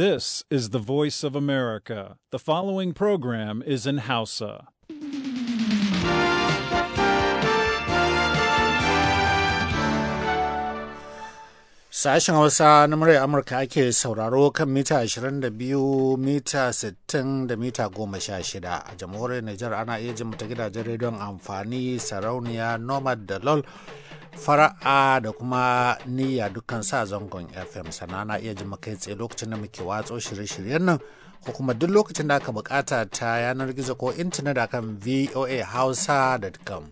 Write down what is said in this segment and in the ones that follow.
This is the voice of America. The following program is in Hausa. Sashen Hausa na murya Amurka ake sauraro kan mita 22, mita 60 da mita 16 a jamhuriyar Nijar ana iya jin ta gidajen rediyon amfani sarauniya Nomad da LOL. fara'a da kuma niyya dukkan sa zangon fm sana na iya ji kai tsaye lokacin da muke watso shirye-shiryen nan ko kuma duk lokacin da aka bukata ta yanar gizo ko intanet akan voa hausa.com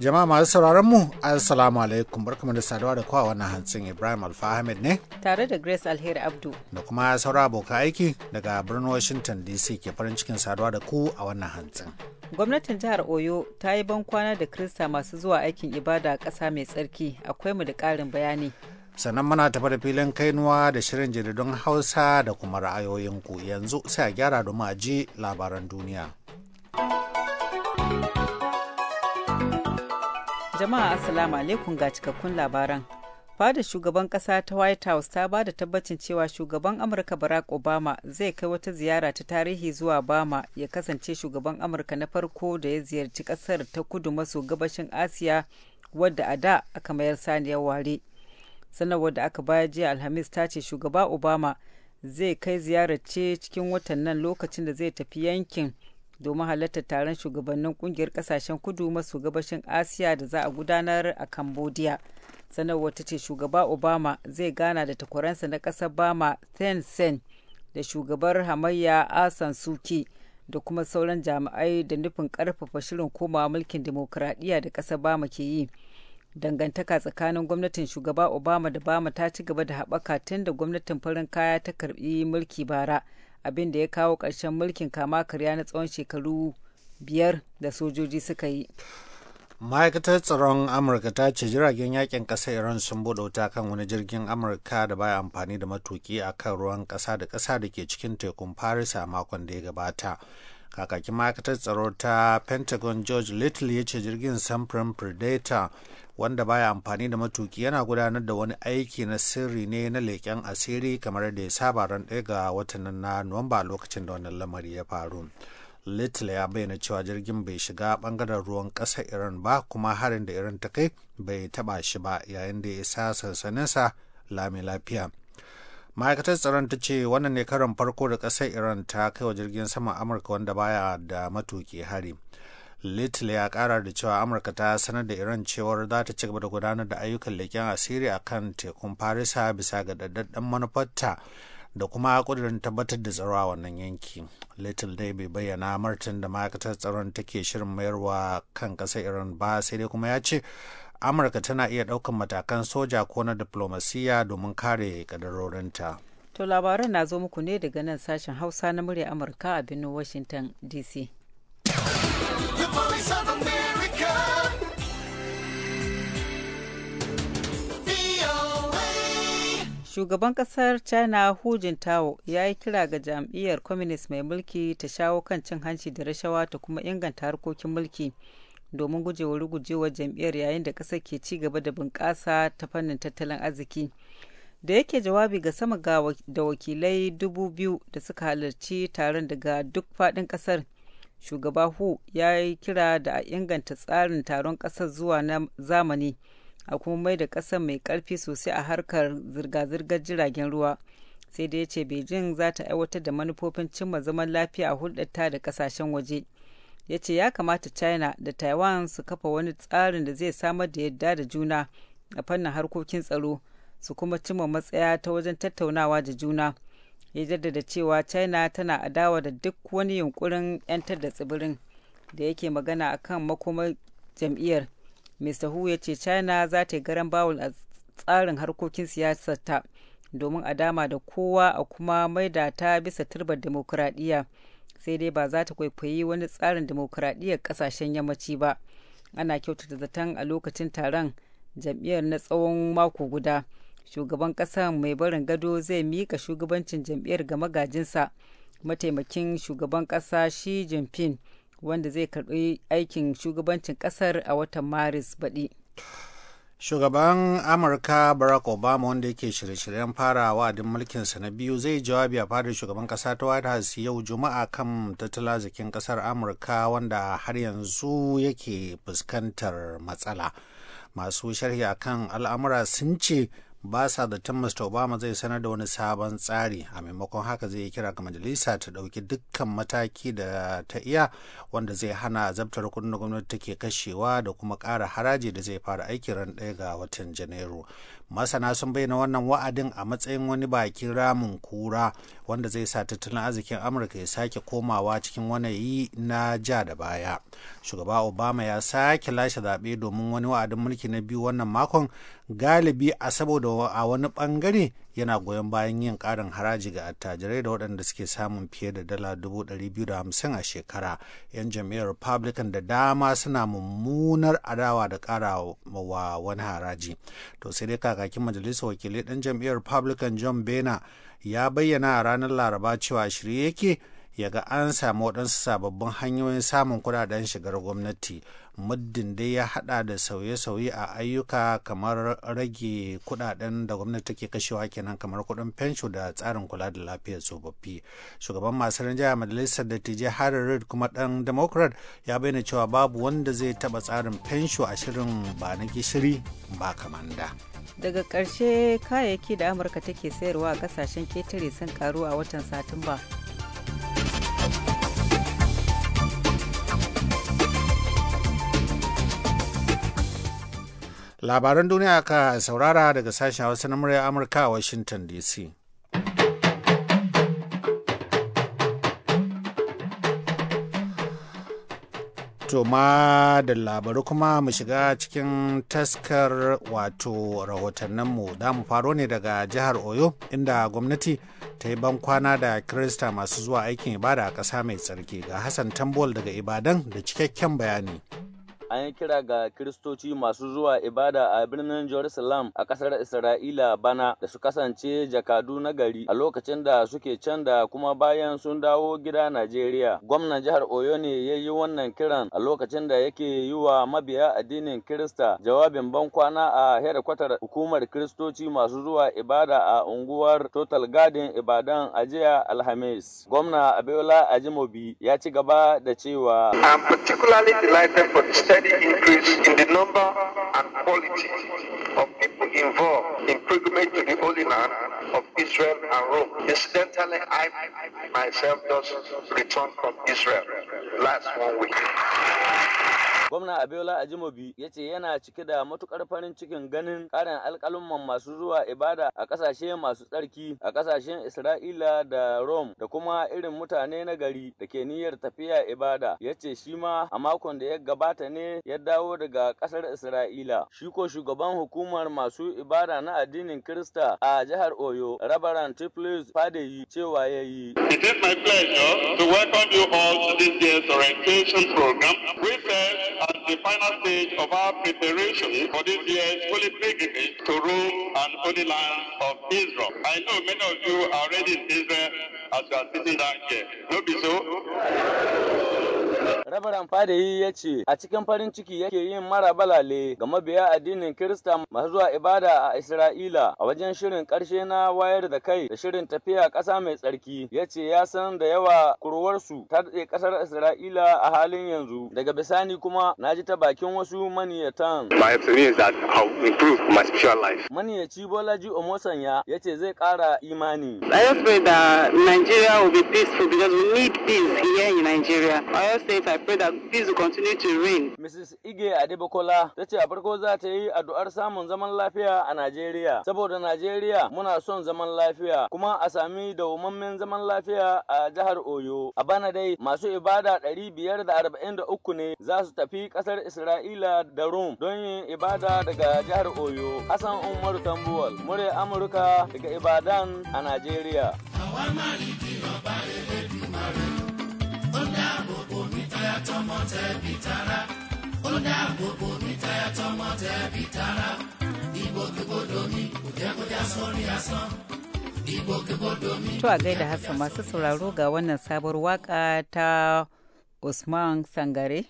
Jama'a masu sauraron mu, Assalamu alaikum barkamu da saduwa da kowa wannan hantsin Ibrahim Alfa Ahmed ne. Tare da Grace Alheri Abdu. Da kuma saura abokan aiki daga birnin Washington DC ke farin cikin saduwa da ku a wannan hantsin. Gwamnatin jihar Oyo ta yi ban kwana da Krista masu zuwa aikin ibada a ƙasa mai tsarki. Akwai mu da ƙarin bayani. sannan muna tafa da filin kainuwa da shirin jaridun hausa da kuma ra'ayoyin ku yanzu sai a gyara domin a ji labaran duniya. Jama'a Assalamu alaikum ga cikakkun labaran. Fada shugaban kasa ta White House ta bada tabbacin cewa shugaban Amurka Barack Obama zai kai wata ziyara ta tarihi zuwa Bama ya kasance shugaban Amurka na farko da ya ziyarci kasar ta kudu maso gabashin Asiya wadda a da aka mayar saniyar ware. Sanarwar da aka baya jiya Alhamis ta ce shugaba Obama zai kai ziyarar ce cikin watan nan lokacin da zai tafi yankin domin halartar taron shugabannin kungiyar kasashen kudu maso gabashin asiya da za a gudanar a cambodia sanarwar ta ce shugaba obama zai gana da takwaransa na ƙasar bama ten sen da shugabar hamayya asan ah suki da kuma sauran jami'ai da nufin karfafa shirin komawa mulkin dimokuraɗiyya da ƙasar bama ke yi dangantaka tsakanin gwamnatin shugaba obama da bama ta ci gaba da haɓaka tun da gwamnatin farin kaya ta karɓi mulki bara abin da ya kawo ƙarshen mulkin kama karya na tsawon shekaru biyar da sojoji suka yi ma'aikatar tsaron amurka ta ce jiragen yakin ƙasa iran sun buɗe wuta kan wani jirgin amurka da baya amfani da matuki a kan ruwan ƙasa da ƙasa da ke cikin tekun paris a makon da ya gabata kakakin ma'aikatar tsaro ta pentagon george little ya ce jirgin samfurin predator wanda baya amfani da matuki yana gudanar da wani aiki na sirri ne na leƙen asiri kamar da ya saba ran ɗaya ga watan na nuwamba lokacin da wannan lamari ya faru little ya bayyana cewa jirgin bai shiga bangaren ruwan ƙasar iran ba kuma harin da iran ta kai bai taɓa shi ba yayin da ya isa sansaninsa lami lafiya ma'aikatar tsaron ta ce wannan ne karon farko da ƙasar iran ta kai wa jirgin saman amurka wanda baya da matuki hari little ya kara da cewa amurka ta sanar da iran cewar za ta ci gaba da gudanar da ayyukan leƙen asiri a kan tekun farisa bisa ga daddadden manufarta da kuma ƙudurin tabbatar da tsaro a wannan yanki little dai bai bayyana martin da ma'aikatar tsaron take shirin mayarwa kan ƙasar iran ba sai dai kuma ya ce amurka tana iya ɗaukan matakan soja ko na diplomasiya domin kare kadarorinta to labaran na zo muku ne daga nan sashen hausa na murya amurka a birnin washington dc shugaban kasar china hu jintao ya yi kira ga jam'iyyar communist mai mulki ta shawo kan cin hanci da rashawa ta kuma inganta harkokin mulki domin gujewa rugujewar jam'iyyar yayin da ƙasar ke ci gaba da bunƙasa ta fannin tattalin arziki da yake jawabi ga sama ga da wakilai dubu biyu da suka halarci taron daga duk faɗin ƙasar shugaba hu ya yi kira da a inganta tsarin taron ƙasar zuwa na zamani a kuma mai da ƙasar mai karfi sosai a harkar zirga-zirgar jiragen ruwa sai da ya ce beijing za ta aiwatar da manufofin cimma zaman lafiya a hulɗarta da ƙasashen waje. ya ce ya kamata china da taiwan su kafa wani tsarin da zai samar da yadda da juna a fannin harkokin tsaro su kuma cimma matsaya ta wajen tattaunawa da juna ya jaddada cewa china tana adawa da duk wani yunkurin 'yantar da tsibirin da yake magana a kan makomar jam'iyyar mr hu ya ce china za ta yi garan bawul a tsarin harkokin siyasarta domin a dama da kowa a kuma maida ta bisa turbar demokuraɗiyya sai dai ba za ta kwaikwayi wani tsarin demokuraɗiyyar ƙasashen yammaci ba ana kyautata zaton a lokacin taron jam'iyyar na tsawon mako guda shugaban ƙasa mai barin gado zai mika shugabancin jam'iyyar ga magajinsa mataimakin shugaban ƙasa shi jinping wanda zai karɓi aikin shugabancin ƙasar a watan maris baɗi. shugaban amurka barack obama wanda yake shirye-shiryen fara wa'adin mulkinsa na biyu zai jawabi a fadar shugaban kasa ta white house yau juma'a kan tattalin zikin kasar amurka wanda har yanzu yake fuskantar matsala masu sharhi akan al'amura sun ce ba sa zaton Mr. Obama zai sanar da wani sabon tsari a maimakon haka zai kira ga majalisa ta ɗauki dukkan mataki da ta iya wanda zai hana zabtar kudin da gwamnati take kashewa da kuma kara haraji da zai fara aiki ran ɗaya ga watan Janairu. masana sun bayyana wannan wa'adin a matsayin wani bakin ramin kura wanda zai sa tattalin arzikin amurka ya sake komawa cikin wani yi na ja da baya shugaba obama ya sake lashe zaɓe domin wani wa'adin mulki na biyu wannan makon galibi a saboda a wani ɓangare. yana goyon bayan yin ƙarin haraji ga attajirai da waɗanda suke samun fiye da dala hamsin a shekara. 'Yan jam'iyyar Republican da dama suna mummunar adawa da ƙara wa wani haraji. To sai dai kakakin majalisar wakilai ɗan jam'iyyar Republican John Bena ya bayyana a ranar Laraba cewa shirye yake ya ga an samu waɗansu sababbin hanyoyin samun kuɗaɗen shigar gwamnati. muddin dai ya hada da sauye-sauye a ayyuka kamar rage kudaden da gwamnati take kashewa kenan kamar kudin fensho da tsarin kula da lafiyar tsofaffi shugaban masu rinjaya majalisar dattijai harin reid kuma dan democrat ya bayyana cewa babu wanda zai taba tsarin fensho a shirin ba na gishiri ba kamanda daga karshe kayayyaki da amurka take sayarwa a kasashen ketare sun karu a watan satumba Labaran duniya ka saurara daga sashen Hausa na murya Amurka a Washington DC. To ma da labaru kuma mu shiga cikin taskar wato rahotanninmu da mu faro ne daga jihar Oyo inda gwamnati ta yi bankwana da Kirista masu zuwa aikin ibada a ƙasa mai tsarki ga Hassan Tambol daga Ibadan da cikakken bayani. an yi kira ga kiristoci masu zuwa ibada a birnin jerusalem a ƙasar isra'ila bana da su kasance jakadu na gari a lokacin da suke can da kuma bayan sun dawo gida najeriya gwamnan jihar oyo ne ya yi wannan kiran a lokacin da yake yi wa mabiya addinin kirista jawabin ban kwana a hedkwatar hukumar kiristoci masu zuwa ibada a unguwar total garden ibadan Ajiya alhamis gwamna abiola ajimobi ya ci gaba da cewa i'm particularly delighted for the steady increase in the number and quality of people involved in pilgrimage to the Holy Land of Israel and Rome. Incidentally, I myself just returned from Israel last one week. Gwamna Abiola Ajimobi ya ce yana cike da matukar farin cikin ganin ƙarin alkalumman masu zuwa ibada a ƙasashe masu tsarki a ƙasashen Isra'ila da Rome da kuma irin mutane na gari da ke niyyar tafiya ibada. Ya ce shi ma a makon da ya gabata ne ya dawo daga ƙasar Isra'ila. Shi ko shugaban hukumar masu ibada na addinin Kirista a jihar Oyo, Rabaran Tiflis Fadeyi cewa ya yi. It is my pleasure to welcome you all this year's orientation program. We the final stage of our preparation for this year's Holy Pilgrimage to Rome and Holy Land of Israel. I know many of you are already in Israel as you are sitting down here. No, be so? Rabaran Fadayi ya ce a cikin farin ciki yake yin mara balale ga mabiya addinin Kirista masu zuwa ibada a Isra'ila a wajen shirin ƙarshe na wayar da kai da shirin tafiya ƙasa mai tsarki ya ce ya san da yawa kurwarsu ta daɗe ƙasar Isra'ila a halin yanzu daga bisani kuma na ji ta bakin wasu maniyatan. Maniyaci Bolaji Omosanya ya ce zai ƙara imani. I just pray that Nigeria will be peaceful because we need peace here in Nigeria. I also faith, I pray that peace will continue to reign. Mrs. Ige Adebokola ta ce a farko za ta yi addu'ar samun zaman lafiya a Najeriya. Saboda Najeriya muna son zaman lafiya kuma a sami dawwammamen zaman lafiya a jihar Oyo. A bana dai masu ibada ɗari biyar da arba'in da uku ne za su tafi ƙasar Isra'ila da Rum don yin ibada daga jihar Oyo. Hassan Umaru Tambuwal, murya Amurka daga Ibadan a Najeriya. Àwa máa rí To a gaida Hassan masu sauraro ga wannan sabuwar waka ta Usman Sangare.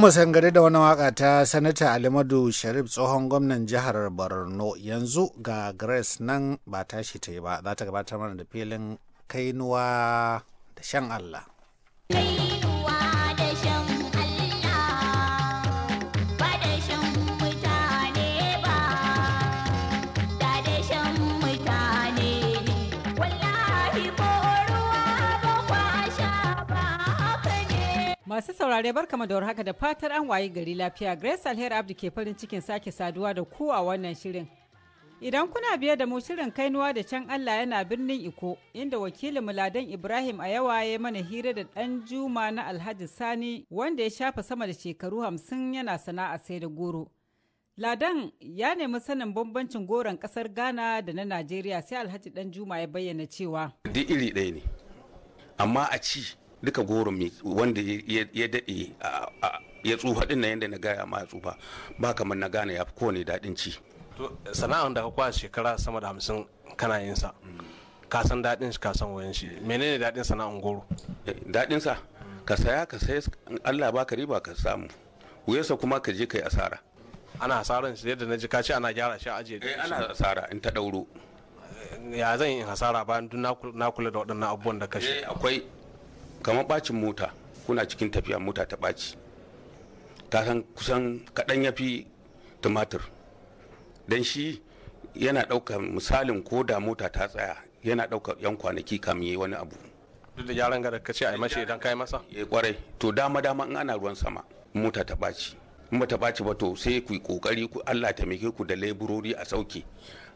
mu sangare da wani waka ta sanata alimadu sharif tsohon gwamnan jihar borno yanzu ga grace nan ba tashi ta yi ba za ta gabatar mana da filin kainuwa da shan allah. Masu saurare bar kama da haka da fatar an waye gari lafiya Grace Alheri Abdi ke farin cikin sake saduwa da ku wannan shirin. Idan kuna biye da mu shirin kainuwa da can Allah yana birnin Iko inda wakilin Muladan Ibrahim a yawa ya mana hira da ɗan Juma na Alhaji Sani wanda ya shafa sama da shekaru hamsin yana sana'a sai da goro. Ladan ya nemi sanin bambancin goron kasar Ghana da na Najeriya sai Alhaji ɗan Juma ya bayyana cewa. Duk iri ɗaya ne, amma a ci duka goro wanda ya daɗe ya tsufa ɗin na yadda na gaya ma ya tsufa ba kamar na gane ya fi kowane daɗin ci sana'ar da ka kwa shekara sama da hamsin kana yin sa ka san daɗin shi ka san wayan shi menene daɗin sana'ar goro eh, daɗin sa ka saya ka saya Allah baka riba ka samu wuyarsa kuma ka je kai asara ana asaran shi yadda na ji ce ana gyara shi a ajiye eh, ana asara in ta ɗauro ya zan yi hasara bayan duk na kula da waɗannan abubuwan da kashe eh, akwai kamar bacin mota kuna cikin tafiya mota ta baci kasan kusan kaɗan ya fi tumatir don shi yana ɗaukar misalin ko da mota ta tsaya yana ɗaukar 'yan kwanaki kamin yi wani abu duk da gyaran gada ka ce a mashi idan kai masa ya eh, kwarai to dama dama in ana ruwan sama mota ta baci in ba ta baci ba to sai ku yi ƙoƙari ku allah ta ku da leburori a sauke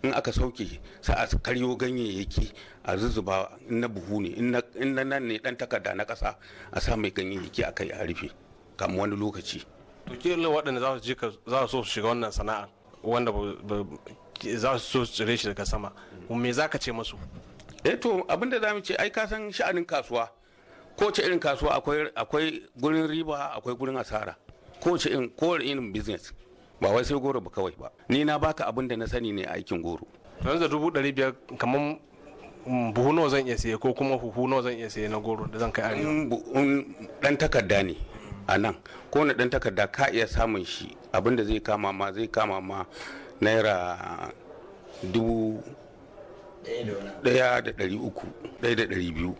in aka sauke sai a karyo ganyayyaki a zuzuba in na buhu ne in na nan ne dan takarda na kasa a sa mai ganyayyaki a kai a rufe kamar wani lokaci to kila waɗanda za su za su shiga wannan sana'a wanda za su so tsire shi daga sama me za ka ce masu eh to abinda za mu ce ai ka san sha'anin kasuwa Ko ce irin kasuwa akwai gurin riba akwai gurin asara Ko ce irin kowace irin business ba wai sai goro ba kawai ba ni na baka abin da na sani ne a aikin goro yanzu dubu ɗari biyar kamar mm, buhu nawa zan iya siye ko kuma huhu nawa zan iya siye na goro da zan kai arewa dan takarda ne a nan ko na dan takarda ka iya samun shi abin da zai kama ma zai kama ma naira dubu ɗaya da ɗari uku ɗaya da ɗari biyu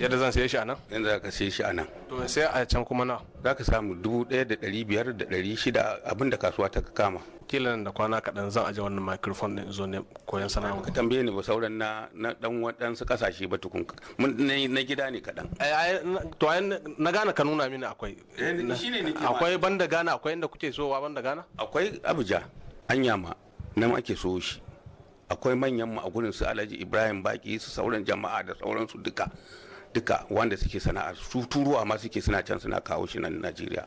yadda zan saye shi a nan yadda za ka saye shi a nan to sai a can kuma na za ka samu dubu ɗaya da ɗari biyar da ɗari shida abin da kasuwa ta kama kila nan da kwana kaɗan zan aje wannan microphone ɗin zo ne koyon sana'a ka tambaye ni ba sauran na na ɗan waɗansu ƙasashe ba tukun mun na gida ne kaɗan to ayi na gana ka nuna mini akwai eh, akwai banda gana akwai inda kuke wa banda gana akwai abuja anyama nan ake so shi akwai manyan ma a gurin su alhaji ibrahim baki su sauran jama'a da sauransu duka duka wanda suke sana'a su turuwa ma suke suna can suna kawo shi nan najeriya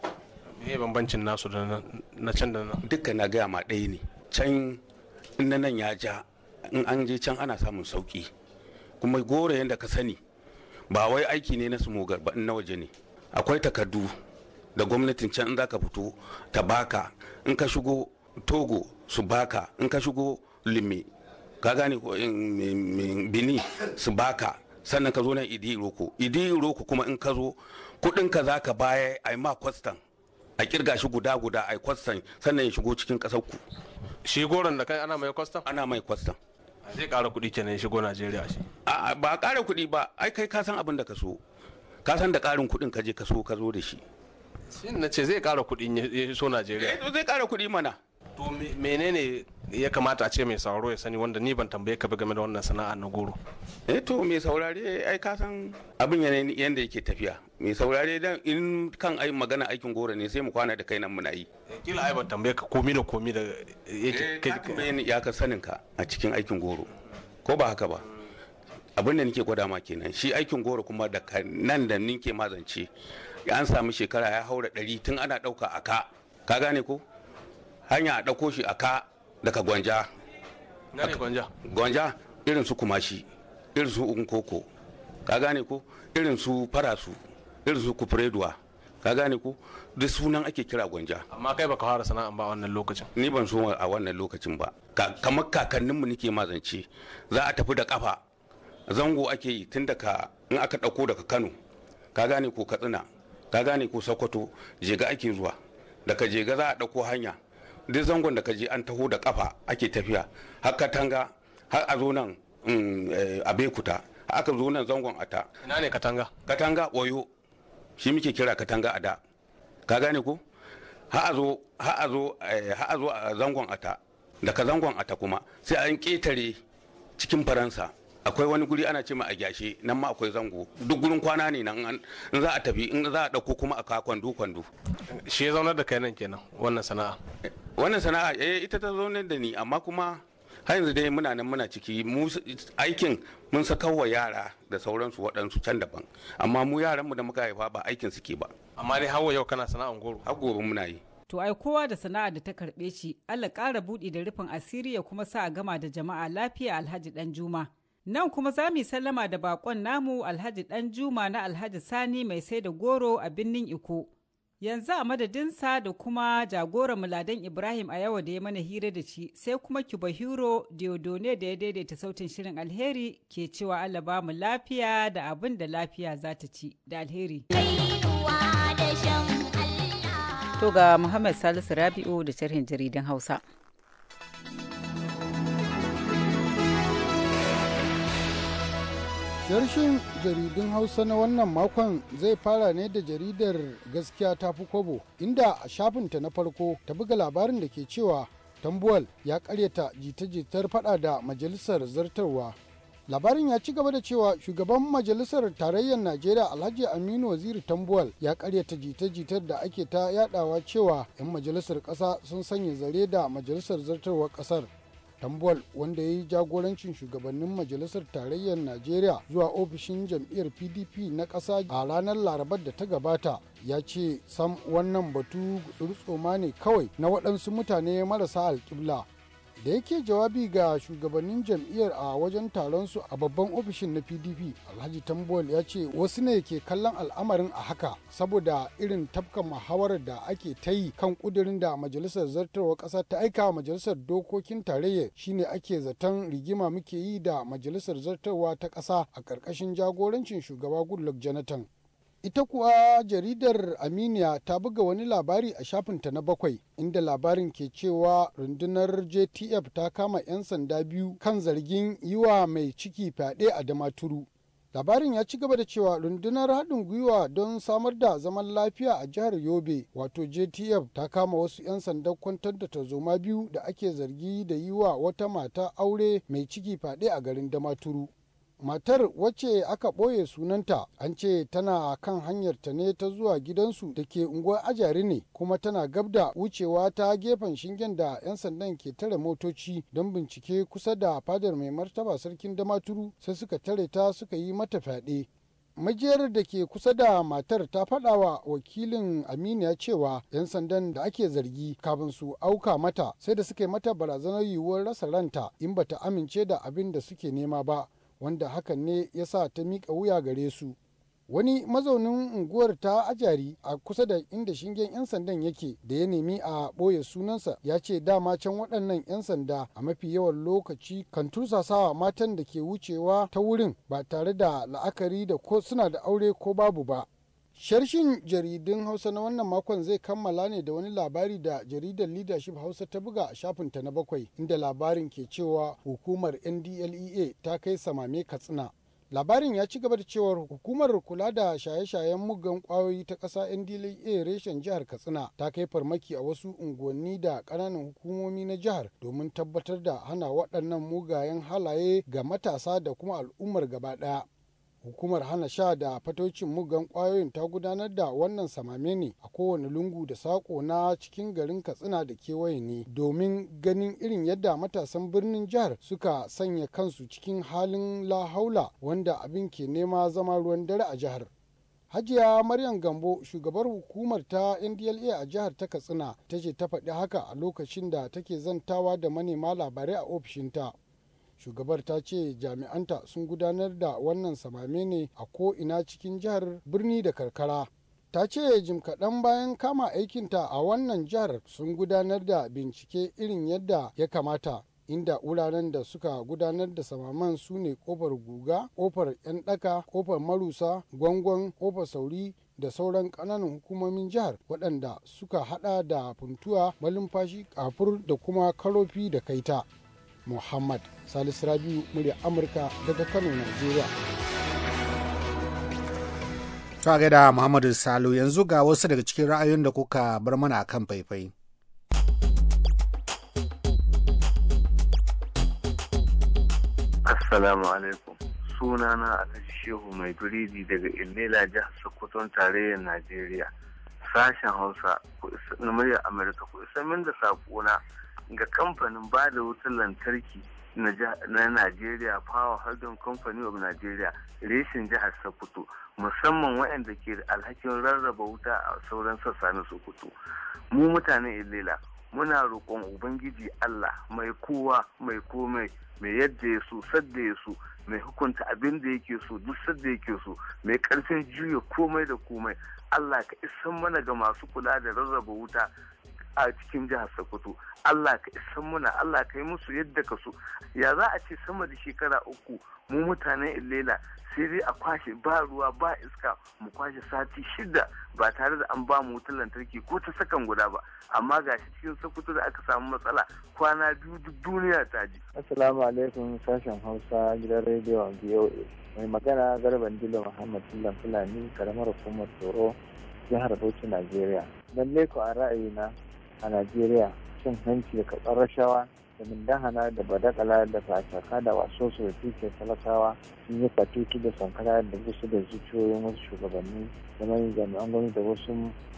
me bambancin nasu da na can da duka na gaya ma ɗaya ne can in nan ya ja in an je can ana samun sauki kuma gore yadda ka sani ba wai aiki ne na smogar ba in na waje ne akwai takardu da gwamnatin can in za ka fito ta baka in ka shigo togo su baka in ka shigo limi ka gane ko bini su baka sannan ka zo nan idi roko idi roko kuma in ka zo kudin ka zaka baya a ma kwastan a kirga shi guda guda a kwastan sannan ya shigo cikin kasar ku shi goron da kai ana mai kwastan ana mai kwastan zai kara kuɗi kenan ya shigo Najeriya shi a ba kara kuɗi ba ai kai ka san abin da ka so ka san da karin kudin ka je ka so ka zo da shi shin na ce zai kara kuɗi ya so Najeriya eh, zai kara kuɗi mana to menene ya kamata a ce mai sauraro ya sani wanda ni ban tambaye ka ba game da wannan sana'a na goro eh to mai saurare ai ka san abin yanda yake tafiya mai saurare dan in kan ai magana aikin goro ne sai mu kwana da kai nan muna yi eh, kila ai ban tambaye ka komi da komi da yake eh, kai ya ka sanin ka a cikin aikin goro ko ba haka ba abin da nake gwada ma kenan shi aikin goro kuma da nan da ninke mazance an samu shekara ya haura ɗari tun ana ɗauka a ka ka gane ko hanya a ɗauko shi a ka daga gwanja gwanja gwanja irin su kumashi irin su unkoko ka gane ko irin su farasu irin su kufreduwa ka gane ko duk sunan ake kira gwanja amma kai baka fara sana'an ba a wannan lokacin ni ban so a wannan lokacin ba kamar kakanninmu nake mazance za a tafi da kafa zango ake yi tun daga in aka ɗauko daga kano ka gane ko katsina ka gane ko sokoto jega ake zuwa daga jega za a ɗauko hanya duk zangon da ka je an taho da kafa ake tafiya haka katanga har a zo nan mm, eh, a bekuta aka zo nan zangon a ta. ina ne katanga katanga oyo shi muke kira katanga a da ka gane ko har a zo eh, a zangon a ta daga zangon a ta kuma sai an ketare cikin faransa akwai wani guri ana ce ma a gyashe nan ma akwai zango duk gurin kwana ne nan in za a tafi in za a dauko kuma a ka kwando kwando shi ya zaunar da kai nan kenan wannan sana'a wannan sana'a eh ita ta zaunar da ni amma kuma har yanzu dai muna nan muna ciki mu aikin mun saka wa yara da sauransu waɗansu can daban amma mu yaranmu da muka haifa ba aikin suke ba amma dai har yau kana sana'a goro har gobe muna yi to ai kowa da sana'a da ta karɓe shi Allah ƙara buɗi da rufin asiri ya kuma sa a gama da jama'a lafiya Alhaji Danjuma juma Nan kuma za mu sallama da bakon namu Alhaji Dan Juma na Alhaji Sani mai sai da goro a birnin Iko. Yanzu a madadinsa da kuma jagoran Muladan Ibrahim a yawa da ya mana hira da shi sai kuma kiba Hiro Diodone da ya daidaita sautin shirin alheri ke cewa Allah ba mu lafiya da abin da lafiya za ta ci da alheri. To ga Muhammad Salisu Rabi'u da sharhin jaridan Hausa. Yarshin jaridun Hausa na wannan makon zai fara ne da jaridar gaskiya ta fi kobo inda a shafinta na farko ta buga labarin da ke cewa tambuwal ya karyata jita-jitar fada da majalisar zartarwa labarin ya ci gaba da cewa shugaban majalisar tarayyar najeriya alhaji aminu waziri tambuwal ya karyata jita-jitar da ake ta yadawa cewa 'yan majalisar kasa sun sanya zare da majalisar zartarwar kasar tambol wanda ya yi jagorancin shugabannin majalisar tarayyar najeriya zuwa ofishin jam'iyyar pdp na ƙasa a ranar larabar da ta gabata ya ce sam wannan batu tsoma ne kawai na waɗansu mutane marasa alƙibla da yake jawabi ga shugabannin jam'iyyar a wajen taron su a babban ofishin na pdp alhaji tambol ya ce wasu ne ke kallon al'amarin a haka saboda irin tafka muhawarar da ake ta yi kan kudirin da majalisar zartarwa ƙasa ta aika majalisar dokokin tarayya shine ake zaton rigima muke yi da majalisar zartarwa ta ƙasa a ƙarƙashin jagorancin shugaba goodluck jonathan Ita kuwa jaridar Aminiya ta buga wani labari a shafinta na bakwai inda labarin ke cewa rundunar JTF ta kama 'yan sanda biyu kan zargin yi wa mai ciki fyaɗe a Damaturu. Labarin ya ci gaba da cewa rundunar haɗin gwiwa don samar da zaman lafiya a jihar Yobe wato JTF ta kama wasu 'yan sanda kwantar da tarzoma biyu da ake zargi da yi wa wata mata aure mai ciki fyaɗe a garin Damaturu. matar wacce aka ɓoye sunanta an ce tana kan hanyarta ne ta zuwa gidansu da ke unguwar ajari ne kuma tana gab da wucewa ta gefen shingen da 'yan sandan ke tare motoci don bincike kusa da fadar mai martaba sarkin damaturu sai suka tare ta suka yi mata fyaɗe majiyar da ke kusa da matar ta faɗa wa wakilin aminiya cewa 'yan sandan da ake zargi kafin su auka mata sai da suke mata barazanar yiwuwar rasa ranta in bata amince da abin da suke nema ba wanda hakan ne ya sa ta miƙa wuya gare su wani mazaunin unguwar ta ajari a kusa da inda shingen 'yan sandan yake da ya nemi a ɓoye sunansa ya ce dama can waɗannan 'yan sanda a mafi yawan lokaci kan tursasawa matan da ke wucewa ta wurin ba tare da la'akari da ko suna da aure ko babu ba Sharshin jaridun Hausa na wannan makon zai kammala ne da wani labari da jaridar Leadership Hausa ta buga a shafinta na bakwai, inda labarin ke cewa hukumar NDLEA ta kai samame Katsina. Labarin ya ci gaba da cewar hukumar kula da shaye-shayen mugan kwayoyi ta ƙasa NDLEA reshen jihar Katsina ta kai farmaki a wasu unguwanni da ƙananan hukumomi na jihar domin tabbatar da hana waɗannan mugayen halaye ga matasa da kuma al'ummar gaba ɗaya. hukumar hana sha da fatocin mugan kwayoyin ta gudanar da wannan samame ne a kowane lungu da sako na cikin garin katsina da kewaye ne domin ganin irin yadda matasan birnin jihar suka sanya kansu cikin halin lahaula wanda abin ke nema zama ruwan dare a jihar hajiya maryam gambo shugabar hukumar ta ndla a jihar ta katsina ta ce ta faɗi haka a lokacin da take zantawa da manema labarai a ofishinta shugabar ta ce jami'anta sun gudanar da wannan samame ne a ko'ina cikin jihar birni da karkara ta ce jim kaɗan bayan kama aikinta a wannan jihar sun gudanar da bincike irin yadda ya kamata inda wuraren da suka gudanar da samaman su ne kofar guga kofar 'yan ɗaka kofar marusa gwangon kofar sauri da sauran ƙananan hukumomin jihar waɗanda suka hada da funtuwa malumfashi kafur da kuma karofi da kaita Muhammad Salisu Rabiu murya Amurka daga Kano, Najeriya. Ta gaida Muhammadu Salo yanzu ga wasu daga cikin ra'ayoyin da kuka bar mana kan faifai. Assalamu alaikum. Sunana Alhaji Shehu Mai daga Ilela Jihar Sokoton Tarayyar Najeriya. sashen hausa na muryar amurka ku samin da sakona ga kamfanin ba da wutar lantarki na nigeria Power Holding Company of Nigeria reshen jihar Sokoto musamman waɗanda ke da alhakin rarraba wuta a sauran sassa na Sokoto. Mu mutanen Ilela muna roƙon Ubangiji Allah mai kowa mai komai mai yadda ya so sadda ya so mai hukunta abin da yake so duk sadda yake so mai karfin juya komai da komai Allah ka isan mana ga masu kula da rarraba wuta a cikin jihar Sokoto Allah ka isan mana Allah ka yi musu yadda ka so ya za a ce sama da shekara uku mu mutanen Ilela sai dai a kwashe ba ruwa ba iska mu kwashe sati shida ba tare da an ba mu wutar lantarki ko ta sakan guda ba amma ga shi cikin Sokoto da aka samu matsala kwana biyu duk duniya ta ji assalamu alaikum sashen Hausa gidan rediyon BOA mai magana garban dila muhammad dillan fulani karamar hukumar tsoro jihar bauchi najeriya lalle ko a ra'ayina a najeriya cin hanci da karɓar rashawa da mindahana da badakala da fasaka da waso su da tuke talakawa sun yi katutu da sankara da wasu da zuciyoyin wasu shugabanni da manyan jami'an gwamnati da wasu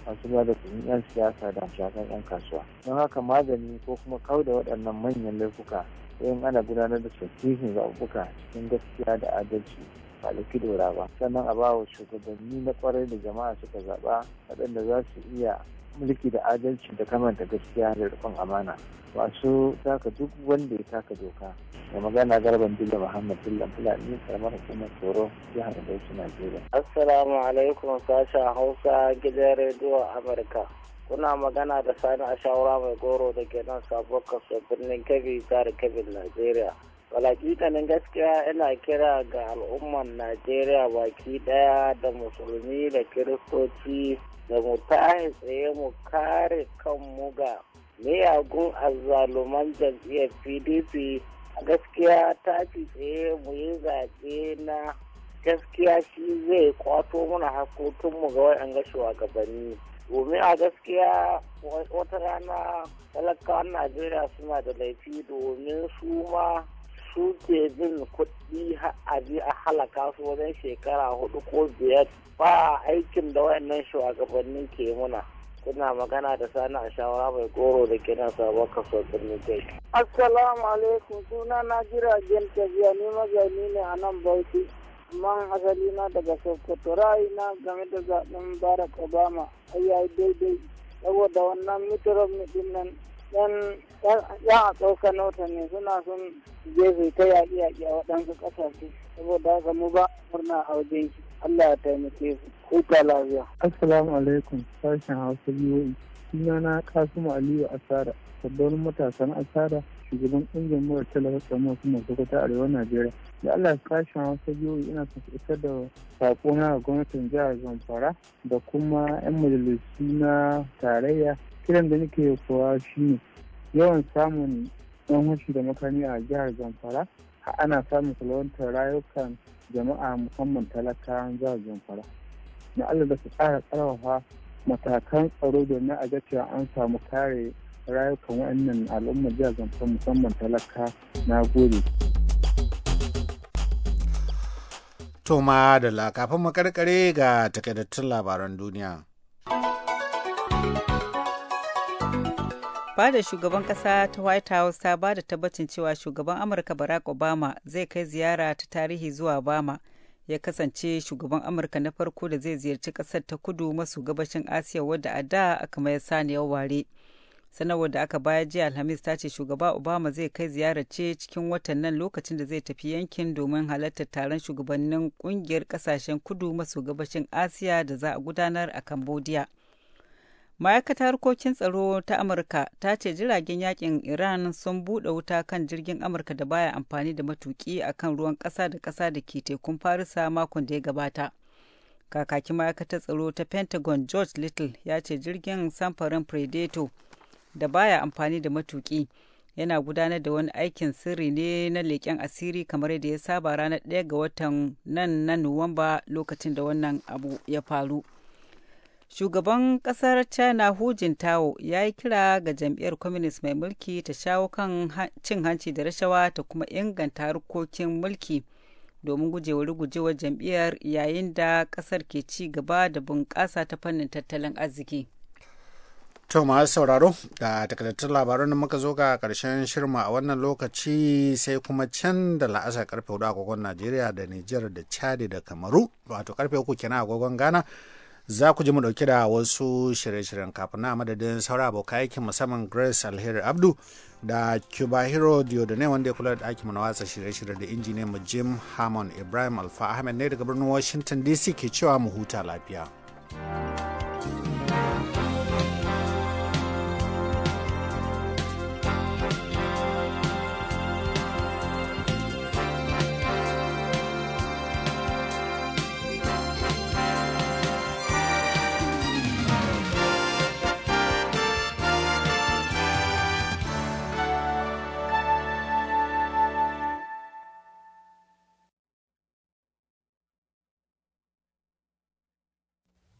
masu ba da kudin yan siyasa da shafan yan kasuwa don haka magani ko kuma kau da waɗannan manyan laifuka in ana gudanar da sahihin zaɓuɓɓuka cikin gaskiya da adalci ba da kidora ba sannan a bawa shugabanni na kwarai da jama'a suka zaɓa waɗanda za su iya mulki da adalci da kamanta gaskiya da rikon amana masu taka duk wanda ya taka doka da magana garban dilla muhammad dilla fulani karamar hukumar tsoro jihar bauchi najeriya assalamu alaikum sasha hausa gidan rediyo amurka kuna magana da sani a shawara mai goro da ke nan sabuwar kaso birnin kebbi jihar kebbi najeriya walakitanin gaskiya ina kira ga al'umman najeriya baki ɗaya da musulmi da kiristoci da mu tahi tsaye mu kare kan muga. miyagun azzaluman jam'iyyar pdp a gaskiya fi tsaye mu yi zaɓe na gaskiya shi zai kwato mana hakokinmu ga wayan ga shugabanni domin a gaskiya wata rana talakawan najeriya suna da laifi domin su ma su ke bin kuɗi abi a halaka su wajen shekara hudu ko biyar ba aikin da wayannan shugabannin ke muna kuna magana da sani a shawara mai goro da gina sabon kaso birnin kai. assalamu alaikum suna na jira tafiya ni mazani ne a nan bauchi man asali na daga sokoto na game da zaɓen barak obama ai ya daidai saboda wannan mitterrand ɗin nan yan a ɗauka nota ne suna son jefe ta yaƙi yaƙi a waɗansu ƙasashe saboda haka mu ba murna a wajen shi Allah ya taimake su huta lafiya. Assalamu alaikum sashen Hausa biyu e. sunana Kasimu Aliyu Asara babban matasan Asara shugaban ƙungiyar mura talaka samu wasu masu kwata arewa najeriya da allah sashen wasu yiwu ina isar da saƙo na gwamnatin jihar zamfara da kuma yan majalisu na tarayya kiran da nake kowa shine yawan samun yan hushi da makani a jihar zamfara ana samun salawantar rayukan jama'a musamman talakawan jihar zamfara na allah da su ƙara ƙarfafa matakan tsaro domin a ga an samu kare rayukan wa'annan al'ummar jihar zamfara musamman talaka na gode. Toma da kafin makarkare ga takaitattun labaran duniya. fadar shugaban kasa ta white house ta ba da tabbacin cewa shugaban amurka barack obama zai kai ziyara ta tarihi zuwa bama ya kasance shugaban amurka na farko da zai ziyarci kasar ta kudu maso gabashin asiya wadda a da aka mayar saniyar ware sanarwar da aka bayar jiya alhamis ta ce shugaba obama zai kai ziyararce cikin watan nan lokacin da zai tafi yankin domin halartar taron shugabannin kungiyar kasashen kudu maso gabashin asiya da za a gudanar a cambodia ma'aikatar harkokin tsaro ta amurka ta ce jiragen yakin iran sun buɗe wuta kan jirgin amurka da baya amfani da matuki akan ruwan ƙasa da ƙasa da ke tekun farisa makon da ya gabata kakakin ma'aikatar tsaro ta pentagon george little ya ce jirgin samfarin predator da baya amfani da matuki- yana gudanar da wani aikin sirri ne na leƙen asiri kamar yadda ya saba ranar ɗaya ga watan nan na nuwamba lokacin da wannan abu ya faru shugaban ƙasar china hu jintao ya yi kira ga jam'iyyar communist mai mulki ta shawo kan cin hanci da rashawa ta kuma inganta harkokin mulki domin gujewa rugujewar jam'iyyar yayin da ƙasar ke ci gaba da bunƙasa ta fannin tattalin arziki To masu sauraro da takardattun labaran muka zo ga karshen shirma a wannan lokaci sai kuma can da la'asar karfe hudu agogon Najeriya da Nijar da Chad da Kamaru wato karfe uku kenan agogon Ghana za ku ji mu dauke da wasu shirye-shiryen kafin na madadin saura abokan aikin musamman Grace Alheri Abdu da Cuba Hero Diodone wanda ya kula da aikin na watsa shirye-shirye da injiniyan mu Jim Hammond Ibrahim Alfa Ahmed ne daga birnin Washington DC ke cewa mu huta lafiya. thank you